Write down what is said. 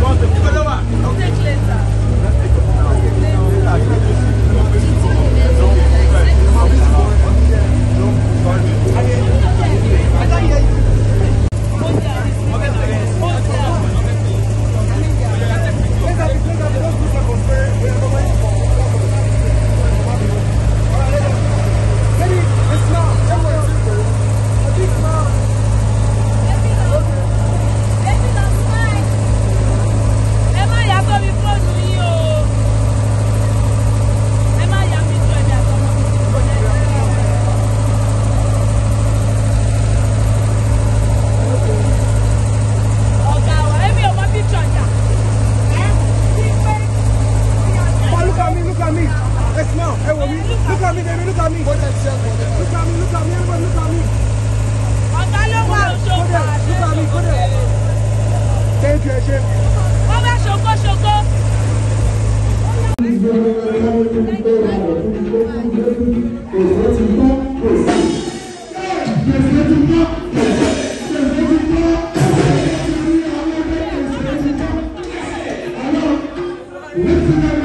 Poate, câteva. Nu te clența. It's now. Hey, well, me. Look at me, baby. Look at me. Look at me. Look at me. Everybody, look at me. Ọ̀gá ló wà òṣogbo. Look at me. Go there. Thank you, Ẹ̀ṣẹ̀. Wọ́n bá ṣoko ṣoko. Thank you.